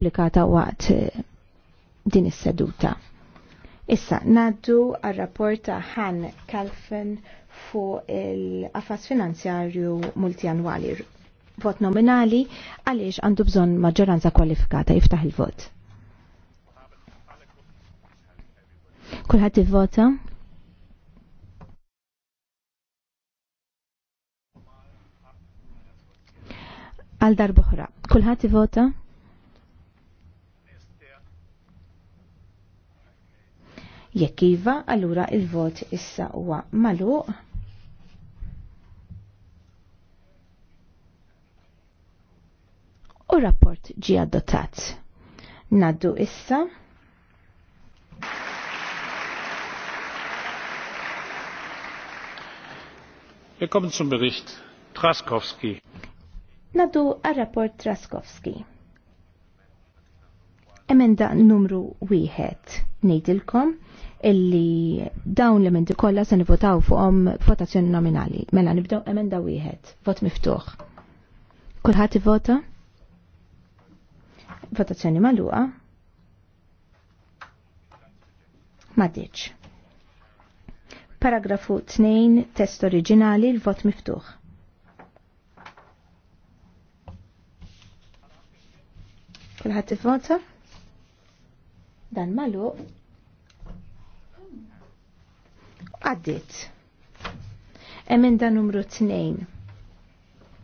applikata waqt eh, din is-seduta. Issa, naddu għal-rapport ta' Han Kalfen fuq il-qafas finanzjarju multianwali. Vot nominali għaliex għandu bżon maġġoranza kwalifikata jiftaħ il-vot. Kulħadd ivvota? Għal darboħra. Kulħadd ivvota? Jekk iva, allura il-vot issa huwa maluq. U rapport ġi adottat. Naddu issa. Wir kommen zum Bericht Traskowski. Nadu għal rapport Traskowski. Emenda numru wieħed ngħidilkom illi dawn l-emendi kollha se nivotaw fuqhom votazzjoni nominali. Mela nibdew emenda wieħed, vot miftuħ. Kulħadd ivota? Votazzjoni magħluqa. Madiċ. Paragrafu 2, test oriġinali, l-vot miftuħ. Kulħadd ivota? Dan malu għaddit. Emenda numru 2.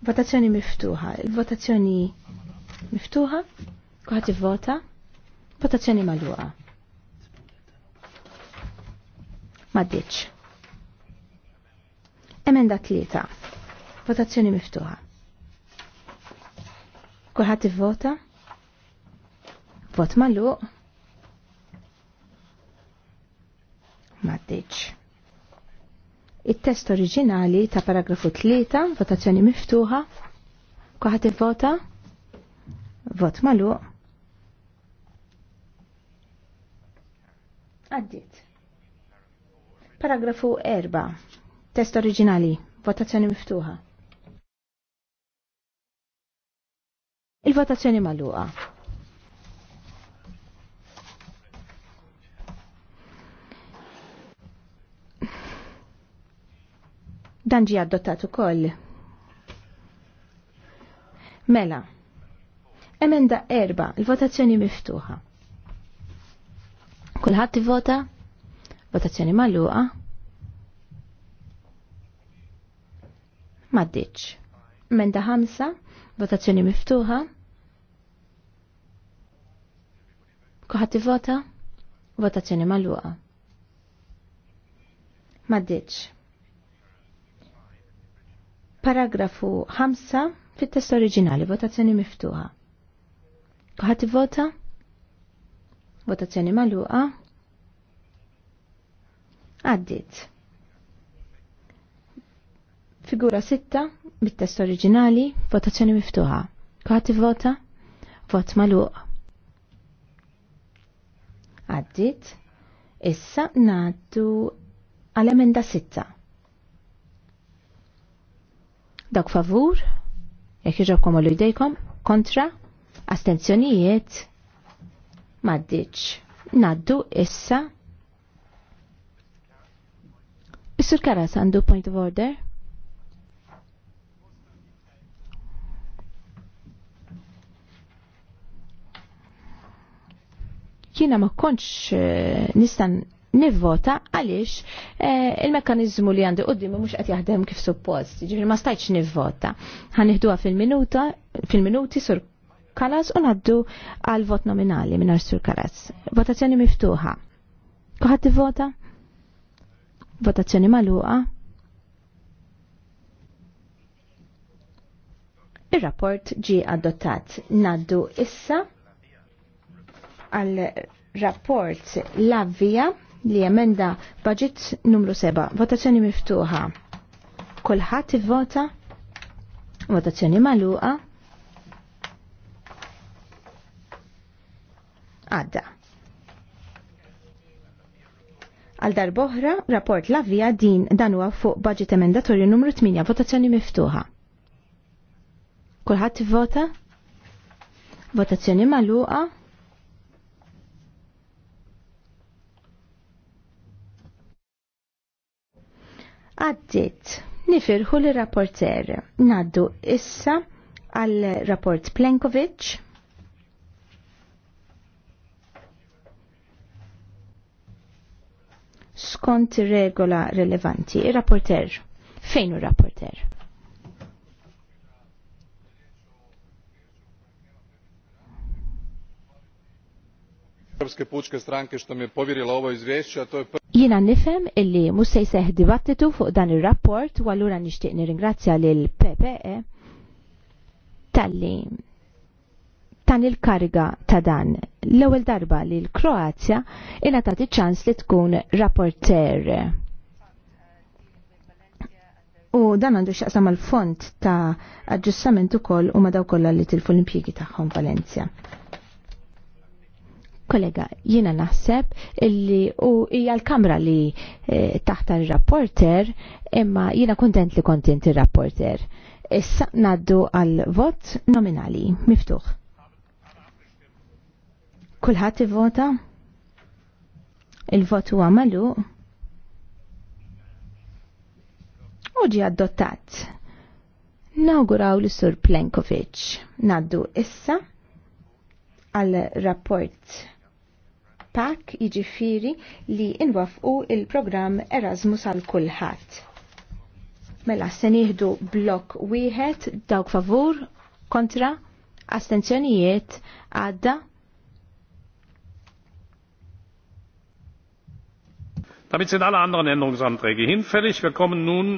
Votazzjoni miftuħa. Il-votazzjoni miftuħa. Kuħat vota Votazzjoni maluqa. Maddiċ. Emenda 3. Votazzjoni miftuħa. Kuħat vota Vot maluq. maddiċ. Il-test oriġinali ta' paragrafu 3, votazzjoni miftuħa, kuħat il-vota, vot malu. Għaddit. Paragrafu 4, test oriġinali, votazzjoni miftuħa. Il-votazzjoni maluqa. Dan ġi adottat ukoll. Mela. Emenda erba, il-votazzjoni miftuħa. Kulħadd ivota? Votazzjoni malluqa. Maddiċ. Emenda ħamsa, votazzjoni miftuħa. Kulħadd ivota? Votazzjoni malluqa. Maddiċ. Paragrafu 5 fit-test oriġinali, votazzjoni miftuħa. Kuħat vota? Votazzjoni maluqa? Għaddit. Figura 6 fit test oriġinali, votazzjoni miftuħa. Kuħat vota? Vot maluqa. Għaddit. Issa naddu għal-emenda 6. Dak favur, jekk iġobkom għallu jdejkom, kontra, astenzjonijiet, maddiċ. Naddu issa. Issur Karas għandu point of order. Kina ma konċ eh, nistan nivvota għaliex eh, il mekanizmu li għandu qoddim mhux qed jaħdem kif suppost. Ġifieri ma stajtx nivvota. Ħaniħduha fil-minuta fil-minuti sur Kalas u ngħaddu għal vot nominali minn sur Kalas. Votazzjoni miftuħa. Kuħat tivvota? Votazzjoni magħluqa. Ir-rapport ġi adottat naddu issa għal rapport l-avvija li emenda budget numru 7, votazzjoni miftuħa. Kolħat vota votazzjoni maluqa. Għadda. Għal darboħra, rapport lavija din dan huwa fuq budget emendatorju numru 8, votazzjoni miftuħa. Kolħat vota votazzjoni maluqa. Għaddit, nifirħu li rapporter naddu issa għal rapport Plenkovic. Skont regola rilevanti, rapporter Fejn u rapporter? Europske pučke stranke što mi je povjerila ovo izvješće, a to je Jina nifem illi mussej seħ dibattitu fuq dan il-rapport u għallura nishtiq nirringrazzja l PPE tal-li tan il-kariga ta' dan l-ewwel darba li l-Kroazja ina tagħti ċans li tkun rapporter. U dan għandu xaqsam mal font ta' aġġustament ukoll u ma daw kollha li tilfu l-impjiegi tagħhom Valencia. Kollega, jiena naħseb illi u hija l-kamra li e, taħt il-rapporter imma jiena kontent li kont inti rapporter. Issa naddu għal vot nominali, miftuħ. Kulħadd ivvota? Il-vot huwa għamalu? U għaddottat. adottat. l li sur Plenkovic. Naddu issa għal rapport PAC jiġifieri li inwafqu il-programm Erasmus għal kulħadd. Mela se nieħdu blok wieħed dawk favur kontra astenzjonijiet għadda Damit sind alle anderen Änderungsanträge hinfällig. Wir kommen nun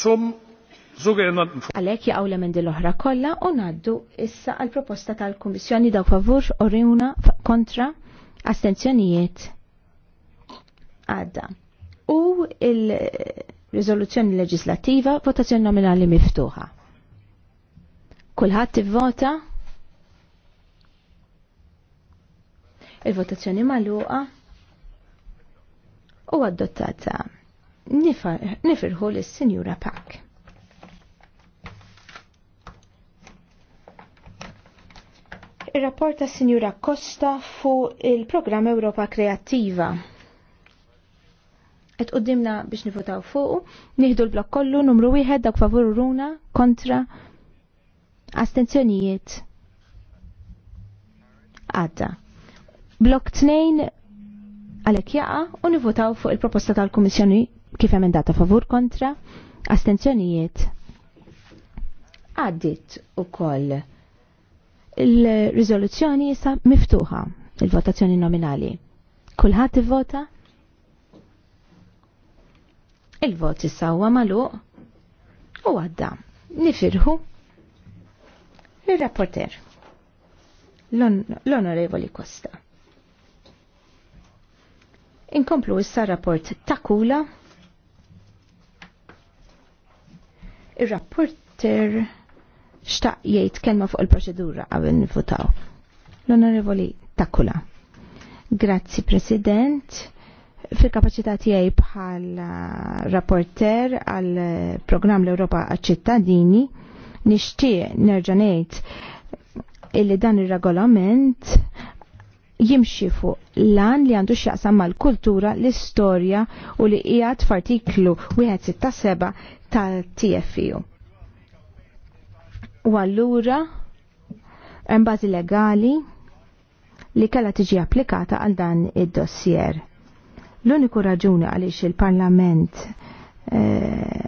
zum sogenannten Għalek jaqaw l-emendi l-oħra kollha u ngħaddu issa għall proposta tal-Kummissjoni daw favur orjuna kontra astenzjonijiet għadda. U il-rizoluzzjoni leġislativa votazzjoni nominali miftuħa. Kulħadd ivvota il-votazzjoni magħluqa u adottata nifirħu lis-Sinjura Pak. ir-rapport Signora Sinjura Costa fu il-programm Europa Kreattiva. Et qoddimna biex nifutaw fuq, nieħdu l-blok kollu numru wieħed dak favur runa kontra astenzjonijiet. Għadda. Blok tnejn għalek jaqa u nifutaw fuq il-proposta tal-Komissjoni kif emendata favur kontra astenzjonijiet. Għaddit u koll il-rizoluzzjoni issa miftuħa il-votazzjoni nominali. Kulħadd ivvota? Il-vot issa huwa magħluq u għadda. Nifirħu il-rapporter l-onorevoli Costa. Inkomplu issa rapport ta' kula. Il-rapporter xtaq jgħid kelma fuq il-proċedura għabel nifutaw. L-Onorevoli Takula. Grazzi, President fil-kapacità tiegħi bħal uh, rapporter għal uh, programm l-Ewropa għaċ-ċittadini nixtieq nerġa' ngħid illi dan ir-regolament jimxi fuq lan li għandu x'jaqsam mal-kultura, l-istorja u li qiegħed f'artiklu 167 tal-TFU. U allura hemm bażi legali li kellha tiġi applikata għal dan id-dossier. L-uniku raġuni għaliex il-Parlament eh,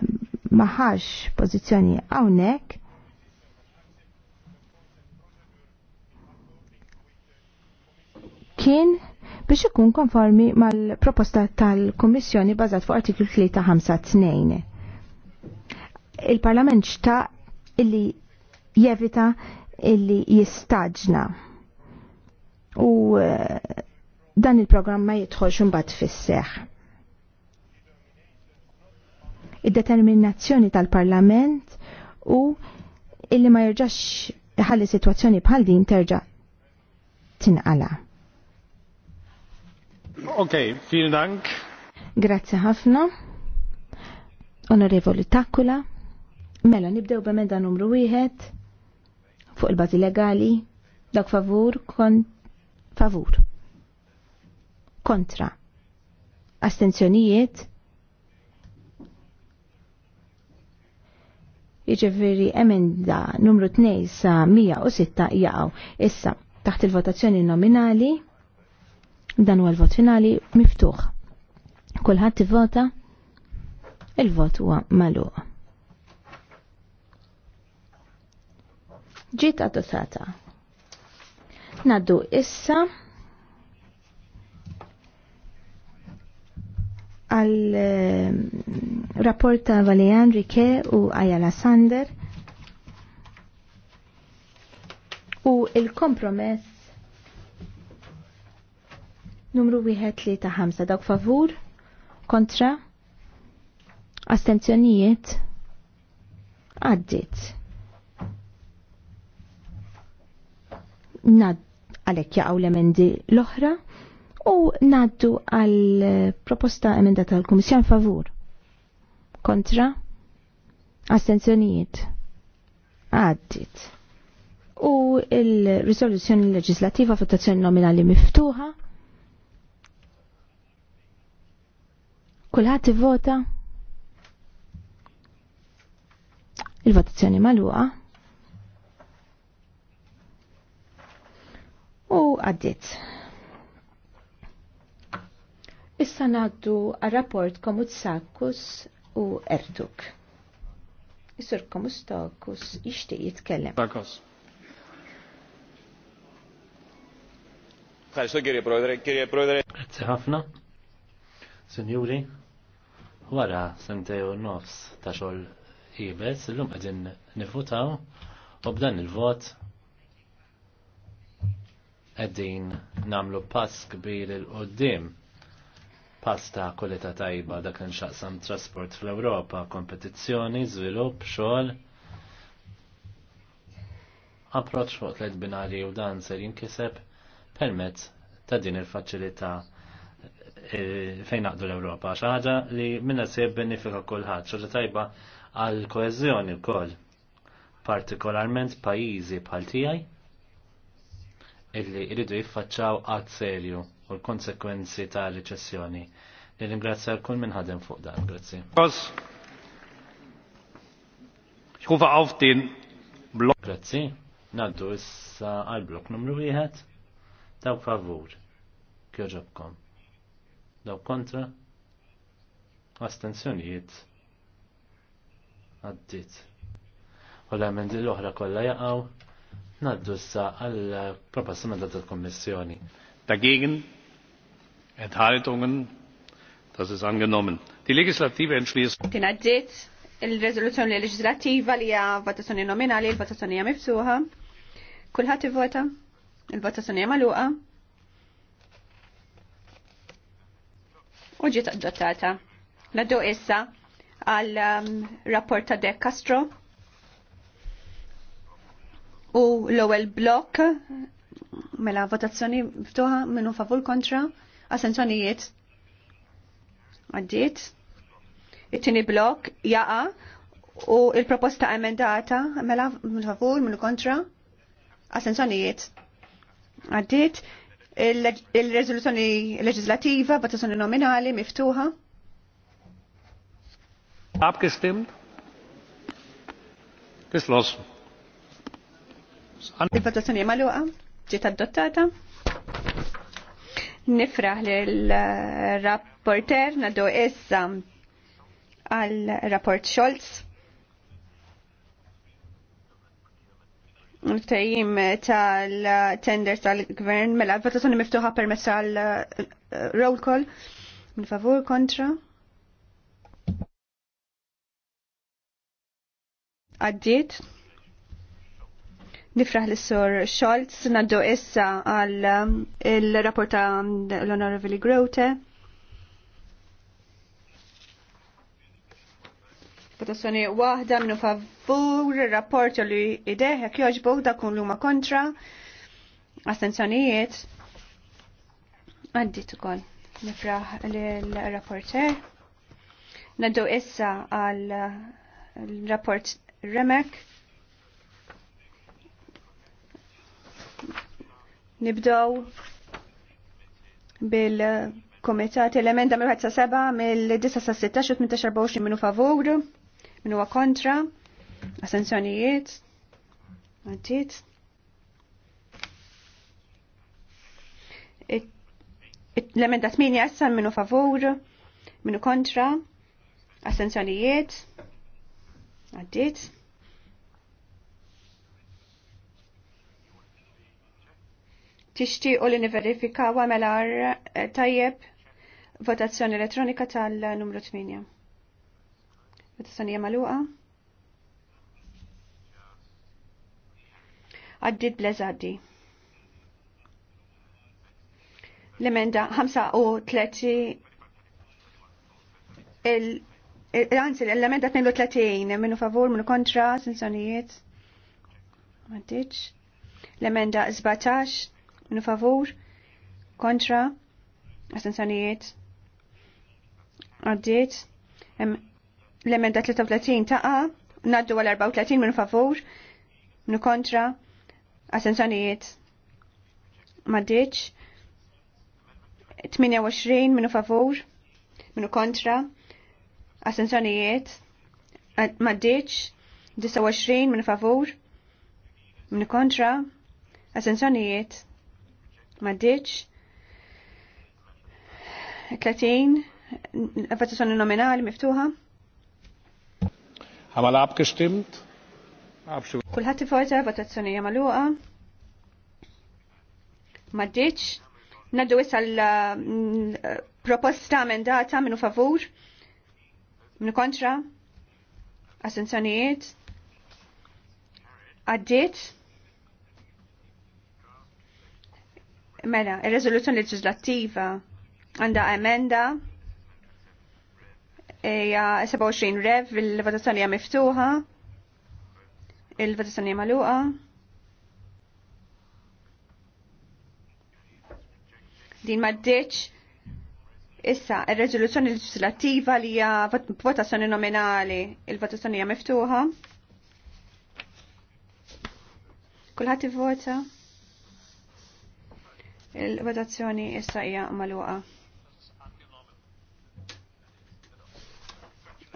maħax pożizzjoni hawnhekk kien biex ikun konformi mal-proposta tal-Kommissjoni bażat fuq artiklu 352. Il-Parlament xta illi jevita illi jistaġna. U eh, dan il-programm ma jidħolx imbagħad fis-seħ. Id-determinazzjoni tal-Parlament u illi ma jirġax ħalli situazzjoni bħal din terġa' tinqala. Ok, vielen Dank. Grazie ħafna. Onorevoli Takkula. Mela, nibdew b'emenda numru wieħed fuq il-bazi legali, dak favur kon favur. Kontra. Astenzjonijiet. Iġeveri emenda numru 2 sa 106 jaqaw. Issa, taħt il-votazzjoni nominali, dan huwa l-vot finali miftuħ. Kulħadd ivvota, il-vot huwa magħluq. ġiet adottata. Naddu issa għal ehm, rapport ta' Valian Rike u Ayala Sander u il-kompromess numru wieħed li ta' ħamsa dawk favur kontra astenzjonijiet għaddit. nad għalek jaqaw l-emendi l-oħra u naddu għal proposta emenda tal-Komissjon favur. Kontra? Astenzjonijiet? Għaddit. U il-risoluzzjoni leġislativa votazzjoni nominali miftuħa? Kulħat vota? Il-votazzjoni maluqa? u għaddit. Issa naddu għal-rapport sakkus u Ertuk. Isur Komutsakkus ixti jitkellem. Sakkus. Ħarġu kirje prodre, kirje prodre. Grazzi ħafna. Senjuri, wara sentej u nofs ta' xogħol ibes, illum qegħdin nifutaw u b'dan il-vot għeddin namlu pass kbir il qoddim pass ta' kulita tajba dak nxaqsam trasport fl-Ewropa, kompetizzjoni, żvilupp, xogħol. Approċċ fuq l binari u dan ser jinkiseb permezz ta' din il-faċilità e, fejn naqdu l-Ewropa. Xi ħaġa li minna se benefika kulħadd, xi tajba għal koezjoni wkoll. Partikolarment pajjiżi bħal tiegħi illi iridu jiffaċċaw għad serju u l-konsekwenzi ta' riċessjoni. Li ringrazzja kull minn ħadem fuq dan, grazzi. Xufa għaw blok. Grazzi, naddu issa għal blok numru wieħed. Daw favur, kjoġobkom. Daw kontra, astenzjonijiet, għaddit. U l-għamendi l-oħra kolla jaqaw, Naddu sa għal proposta mandat mela tal-Kommissjoni. Dagegen Enthaltungen, das ist angenommen. Die legislative Entschließung. Tinadżiet il resoluzzjoni legislativa li hija votazzjoni nominali, il-votazzjoni hija mifsuħa. Kulħadd ivvota, il-votazzjoni hija magħluqa. U ġiet adottata. Naddu issa għal um, rapport ta' De Castro u l-ewwel blok mela votazzjoni ftuħa minnu favur kontra assenzjonijiet għaddiet it-tieni blok jaqa u il-proposta emendata mela minnu favur minnu kontra assenzjonijiet għaddiet il-rezoluzzjoni leġislativa, votazzjoni nominali, miftuħa. Abgestimmt? Geschlossen. Il-votazzjoni maluqa ġiet adottata. Nifraħ li l-rapporter eh, nadu issa għal rapport Scholz. Il-tajim tal-tender tal-gvern mela l votazzjoni miftuħa permess għal eh, roll call. Min favur kontra. Għaddit. Nifraħ l sur Scholz naddu issa għal um, il-rapporta l-Onorevoli Grote. Votazzjoni wahda minnu favur il-rapport li ideħ jek joġbu dakun l-huma kontra. Astenzjonijiet. Għaddit ukoll. Nifraħ l-rapporter. Naddu issa għal uh, rapport Remek. Nibdow bil-komitat l-emenda mill-1 mill-9 sa 16 18 minu favur, minu kontra, asenzjonijiet, għaddit. L-emenda 8 essa minu favur, minu kontra, asenzjonijiet, għaddit. tixtiequ li u għamelar eh, tajjeb votazzjoni elettronika tal-numru 8. Votazzjoni jemaluqa. Għaddit blezaddi. L-emenda 35 il- Anzi, l-emenda 32 minnu favur, minnu kontra, sensonijiet. Maddiċ. L-emenda 17 Minu favur, kontra, astensjonijiet, għaddit, L-emenda 33 taqa, naddu għal 34 minu favur, minu kontra, astensjonijiet, maddiċ. 28 minu favur, minu kontra, astensjonijiet, maddiċ. 29 minu favur, minu kontra, astensjonijiet, Maddiċ. 30. Votazzjoni nominali miftuħa. Għamala abgestimmt? Kulħat vota votazzjoni jamaluqa. Maddiċ. Naddu issa l-proposta eh, amendata minu favur, minu kontra, assenzjonijiet, għaddit. Mela, il-rezoluzzjoni leġislattiva għanda emenda eja 27 rev, il-votazzjoni hija miftuħa, il-votazzjoni hija magħluqa. Din maddeċ issa il reżoluzzjoni leġislattiva li hija votazzjoni nominali, il-votazzjoni miftuħa. Kulħadd ivvota? vota Il-votazzjoni issa hija magħluqa.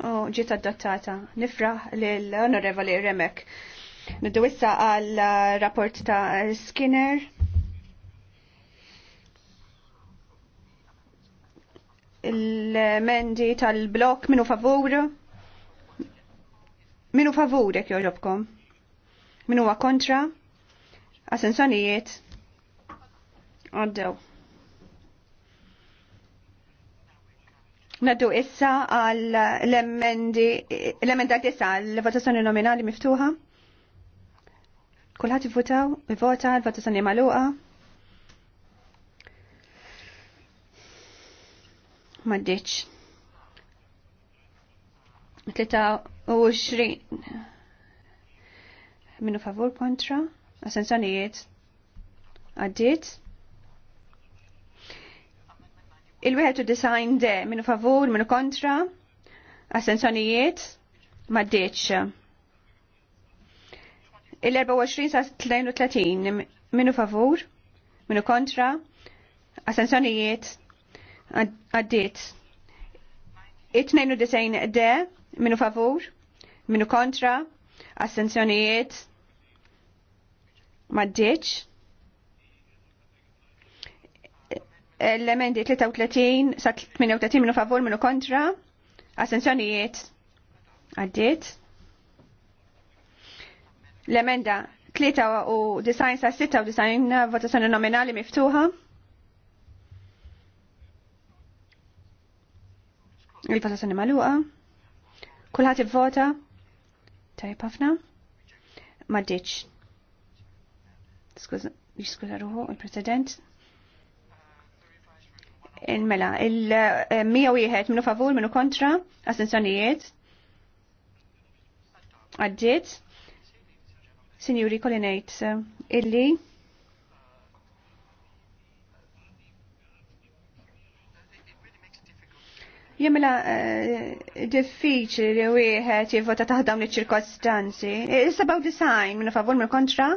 U ġiet adottata. Nifraħ lill-Onorevoli Remek. Niddu issa għal rapport ta' Skinner. Il-mendi tal-blok minu favur. Minu favur jekk joġobkom. Minu kontra. Asensjonijiet għaddew. Naddu issa għal l-emenda tisa l-votazzjoni nominali miftuħa. Kulħat votaw, vota l-votazzjoni maluqa. Maddiċ. 23 minu favur kontra, assenzjonijiet għaddit il design de minu favur, minu kontra, assenzjonijiet, maddeċ. Il-24 sa 32 minu favur, minu kontra, assenzjonijiet, għaddiet. Il-92 de minu favur, minu kontra, assenzjonijiet, maddeċ. l-emendi 33 sa 38 minu favor minu kontra. Assenzjonijiet għaddit. L-emenda 3 u design sa 6 u design votazzjoni nominali miftuħa. Il-votazzjoni maluqa. Kulħat vota Tajb ħafna. Ma Skuza, skuza ruħu, il-president il eh, Mela, il-101 minu favur, minu kontra, assenzjonijiet. Għaddiet. Sinjuri Kolinejt, eh, illi. jemela eh, diffiċli li wieħed jivvota taħdam li ċirkostanzi. Is-97 minn favur minn kontra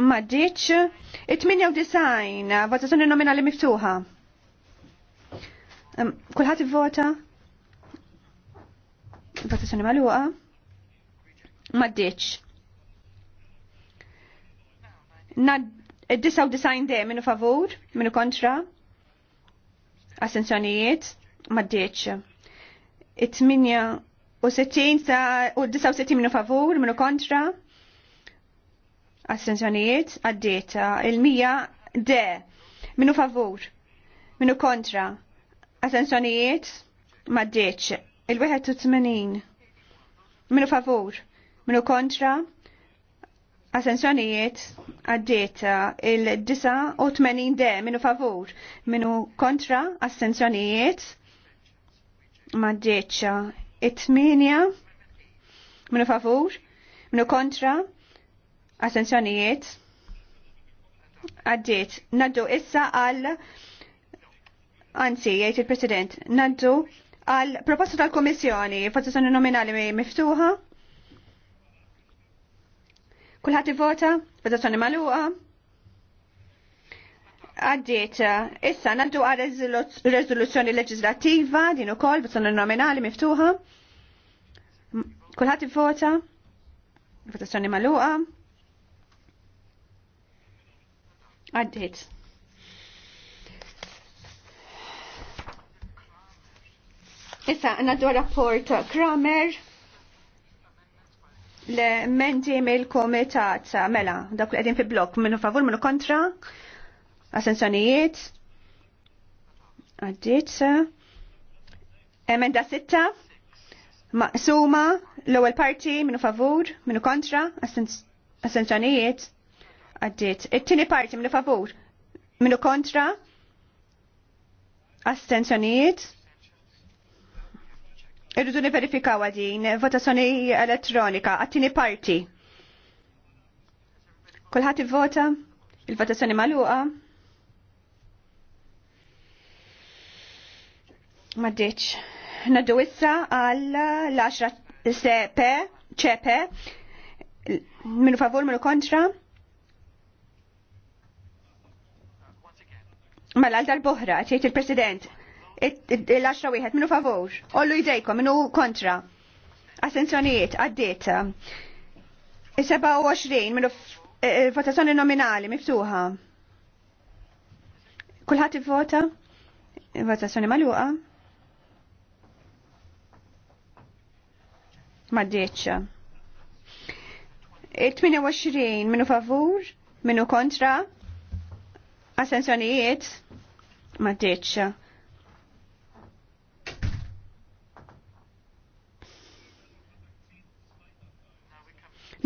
maddiċ 98 votazzjoni nominali miftuħa. Kulħadd ivvota? Votazzjoni magħluqa? Maddiċ. Nad disajn de minu favur, minu kontra. Assenzjonijiet, maddiċ. It-68 u 69 minu favur, minu kontra. Assenzjonijiet għaddiet. Il-mija de. Minu favur. Minu kontra. Assenzjonijiet maddeċ. Il-81. Minu favur. Minu kontra. Assenzjonijiet għaddiet il-89 de minu favur, minu kontra assenzjonijiet maddeċa it-8 minu favur, minu kontra Assenzjonijiet? Għaddiet. Naddu issa għal Anzi, jgħid il-President, naddu għal proposta tal-Komissjoni, votazzjoni nominali miftuħa. Kulħadd ivota, votazzjoni magħluqa. Għaddiet, issa naddu għal rezoluzzjoni leġislattiva din ukoll votazzjoni nominali miftuħa. Kulħadd ivota, votazzjoni magħluqa. Għaddit. Issa, għanna rapport Kramer l-mendi mill-komitat mela, dak li għedin fi blok, minnu favur, minnu kontra, assenzjonijiet, għaddit, emenda sitta, maqsuma, l-ewel parti, minnu favur, minnu kontra, assenzjonijiet, Għaddit. It-tini parti minu favur. Minu kontra? Astenzjonijiet? Irridu niverifikaw għadin. Votazzjoni elettronika. Għattini parti. il vota Il-votazzjoni maluqa? Maddiċ. Naddu issa għal l-10 sepe, ċepe, minu favur, minu kontra, Mela għal darbohra ċejt il-President, il 10 wieħed minnu favur, ollu jdejkom minnu kontra. Assenzjonijiet, għaddiet. 27 minnu eh, eh, votazzjoni nominali, miftuħa. Kulħadd ivvota? Votazzjoni magħluqa? Maddeċċa. 28 minnu favur, minnu kontra, assenzjonijiet, ma deċċa.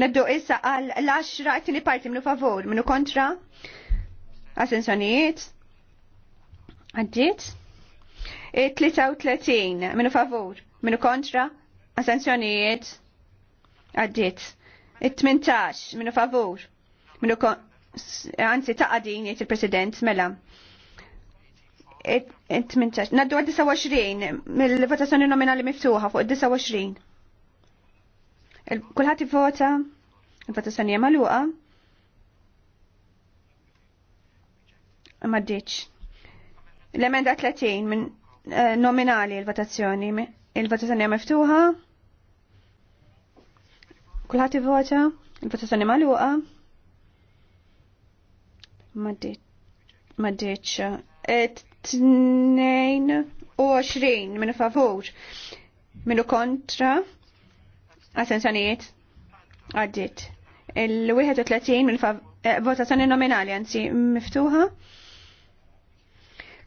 Naddu issa għal l axra tini parti minu favur, minu kontra, għasensonijiet, għaddit, 33 e, minu favur, minu kontra, għasensonijiet, għaddit, 18 e, minu favur, minu kontra, għanzi taqadin il-president mela. 18. Naddu għad 29, mill-votazzjoni nominali miftuħa fuq 29. Kulħat vota il-votazzjoni hija magħluqa. Maddiċ. L-emenda 30 minn eh, nominali il-votazzjoni. Il-votazzjoni hija miftuħa. Kulħat vota il-votazzjoni maluqa. Maddiċ. Maddiċ. Tnejn 22 minu favur minu kontra għasensanijiet għaddit il-31 minu favur sani eh, nominali għansi, miftuħa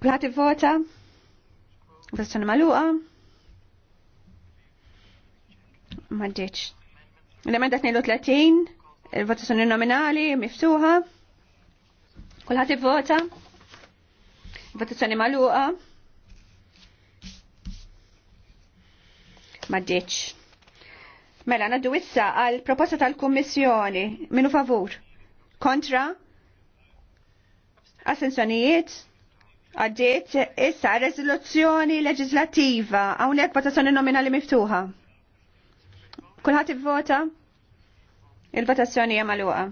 Kulħat vota sani maluqa maddiċ l-emenda 32 il sani nominali miftuħa Kulħat vota Votazzjoni maluqa. Ma ditx. Mela, naddu issa għal proposta tal-Kummissjoni. Minu favur? Kontra? Assenzjonijiet? Għaddiet issa rezoluzzjoni leġislativa hawnhekk votazzjoni nominali miftuħa. Kulħadd ivvota? Il-votazzjoni hija magħluqa.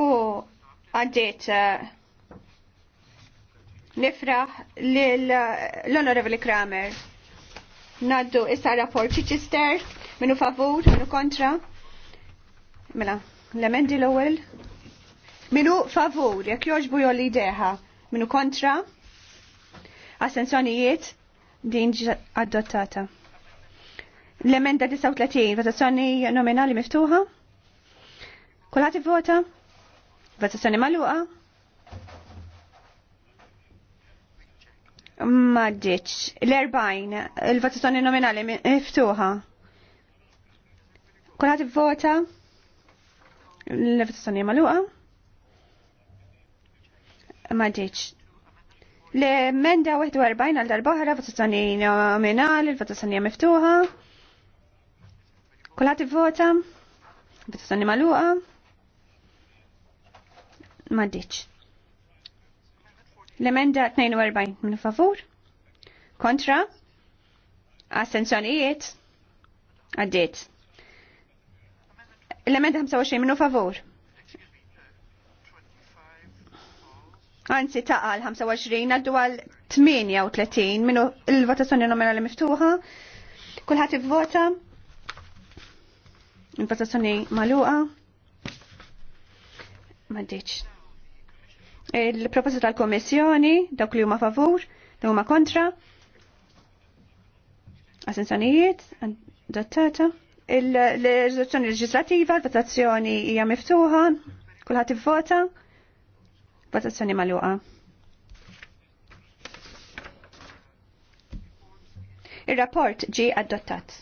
U għaddiet eh, nifraħ l honorable eh, Kramer. Naddu issa rapport Chichester, minu favur, minu kontra. Mela, l-emendi l-ewel. Minu favur, jek joġbu jolli deħa. Minu kontra. Assenzjonijiet, din adottata. L-emenda 39, votazzjoni nominali miftuħa. Kulħat vota? sani maluqa? Ma L-40, il-votazzjoni nominali miftuħa. Kulħat vota l-votazzjoni maluqa? Ma L-emenda 41 għal darbohra, votazzjoni nominali, votazzjoni miftuħa. Kulħat vota? Votazzjoni maluqa? maddiċ. L-emenda 42 minn favur. Kontra. Astenzjonijiet. Għaddiet. L-emenda 25 minn favur. Anzi taqal 25 għaddu għal 38 minn il-votazzjoni nominali miftuħa. Kulħadd ivvota. Il-votazzjoni maluqa. Maddiċ. Il-proposta tal-Komissjoni, dawk li huma favur, dawk huma kontra. Assenzjonijiet, adottata. Il-rezoluzzjoni leġislativa, votazzjoni hija miftuħa, kulħadd ivvota, votazzjoni magħluqa. Il-rapport ġi adottat.